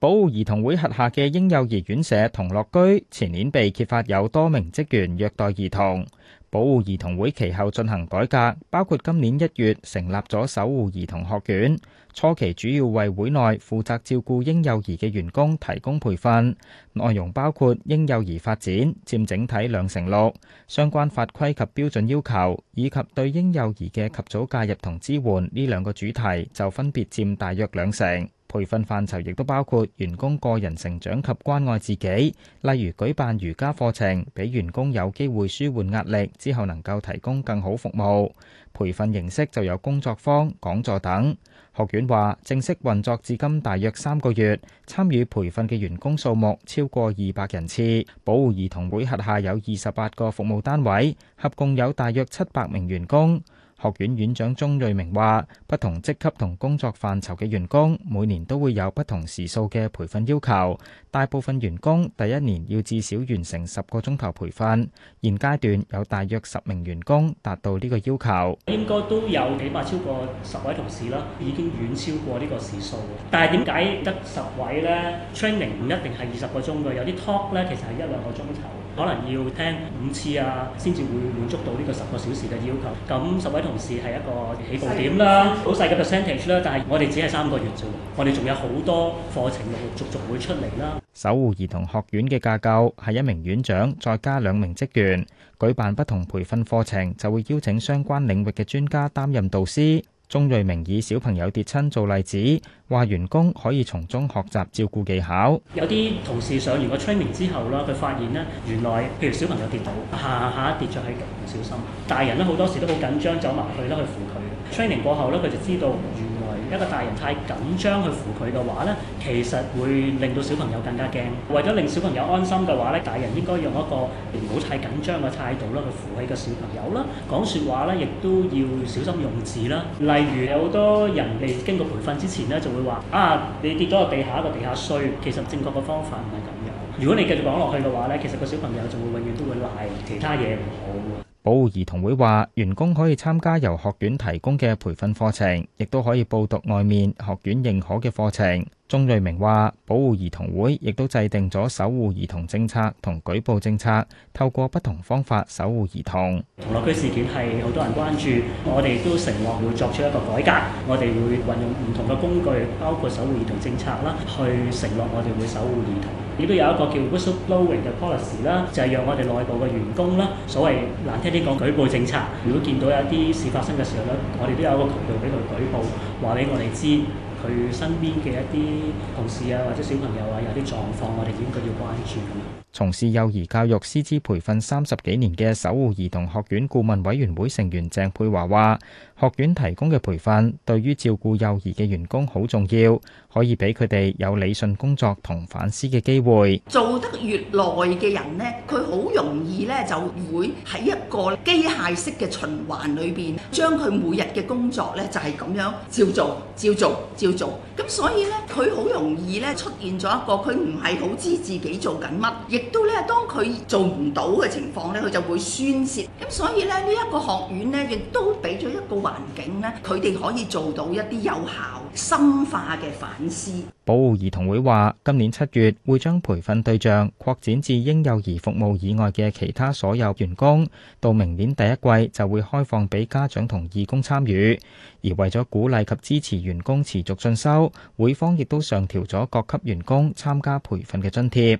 保護兒童會轄下嘅嬰幼兒院舍童樂居，前年被揭發有多名職員虐待兒童。保護兒童會其後進行改革，包括今年一月成立咗守護兒童學院，初期主要為會內負責照顧嬰幼兒嘅員工提供培訓，內容包括嬰幼兒發展佔整體兩成六，相關法規及標準要求，以及對嬰幼兒嘅及早介入同支援呢兩個主題就分別佔大約兩成。培訓範疇亦都包括員工個人成長及關愛自己，例如舉辦瑜伽課程，俾員工有機會舒緩壓力，之後能夠提供更好服務。培訓形式就有工作坊、講座等。學院話，正式運作至今大約三個月，參與培訓嘅員工數目超過二百人次。保護兒童會轄下有二十八個服務單位，合共有大約七百名員工。學院院長鍾瑞明話，不同職級同工作範疇嘅員工，每年都會有不同時數嘅培訓要求。大部分員工第一年要至少完成十個鐘頭培訓，現階段有大約十名員工達到呢個要求。應該都有幾百，超過十位同事啦，已經遠超過呢個時數。但係點解得十位呢？training 唔一定係二十個鐘噶，有啲 talk 咧，其實係一兩個鐘頭。可能要聽五次啊，先至會滿足到呢個十個小時嘅要求。咁十位同事係一個起步點啦，好細嘅 percentage 啦。但係我哋只係三個月啫喎，我哋仲有好多課程陸陸續續會出嚟啦。守護兒童學院嘅架構係一名院長，再加兩名職員，舉辦不同培訓課程就會邀請相關領域嘅專家擔任導師。鍾瑞明以小朋友跌親做例子，話員工可以從中學習照顧技巧。有啲同事上完個 training 之後呢，佢發現呢，原來譬如小朋友跌倒，下下，下跌咗喺唔小心，大人呢，好多時都好緊張，走埋去呢去扶佢。training 過後呢，佢就知道一個大人太緊張去扶佢嘅話呢，其實會令到小朋友更加驚。為咗令小朋友安心嘅話呢，大人應該用一個唔好太緊張嘅態度啦，去扶起個小朋友啦，講説話呢，亦都要小心用字啦。例如有好多人哋經過培訓之前呢，就會話：啊，你跌咗個地下，個地下衰。其實正確嘅方法唔係咁樣。如果你繼續講落去嘅話呢，其實個小朋友就會永遠都會賴其他嘢。唔好。保護兒童會話，員工可以參加由學院提供嘅培訓課程，亦都可以報讀外面學院認可嘅課程。鍾瑞明話：保護兒童會亦都制定咗守護兒童政策同舉報政策，透過不同方法守護兒童。童樂居事件係好多人關注，我哋都承諾會作出一個改革，我哋會運用唔同嘅工具，包括守護兒童政策啦，去承諾我哋會守護兒童。亦都有一個叫 whistleblowing 嘅 policy 啦，就係讓我哋內部嘅員工啦，所謂難聽啲講舉報政策，如果見到有啲事發生嘅時候咧，我哋都有一個渠道俾佢舉報，話畀我哋知。佢身邊嘅一啲同事啊，或者小朋友啊，有啲狀況，我哋應該要關注。從事幼兒教育師資培訓三十幾年嘅守護兒童學院顧問委員會成員鄭佩華話。學院提供嘅培訓對於照顧幼兒嘅員工好重要，可以俾佢哋有理順工作同反思嘅機會。做得越耐嘅人呢，佢好容易呢，容易呢就會喺一個機械式嘅循環裏邊，將佢每日嘅工作呢就係、是、咁樣照做、照做、照做。咁所以呢，佢好容易呢出現咗一個佢唔係好知自己做緊乜，亦都呢當佢做唔到嘅情況呢，佢就會宣泄。咁所以呢，呢、這、一個學院呢，亦都俾咗一個。環境呢，佢哋可以做到一啲有效深化嘅反思。保護兒童會話，今年七月會將培訓對象擴展至嬰幼兒服務以外嘅其他所有員工，到明年第一季就會開放俾家長同義工參與。而為咗鼓勵及支持員工持續進修，會方亦都上調咗各級員工參加培訓嘅津貼。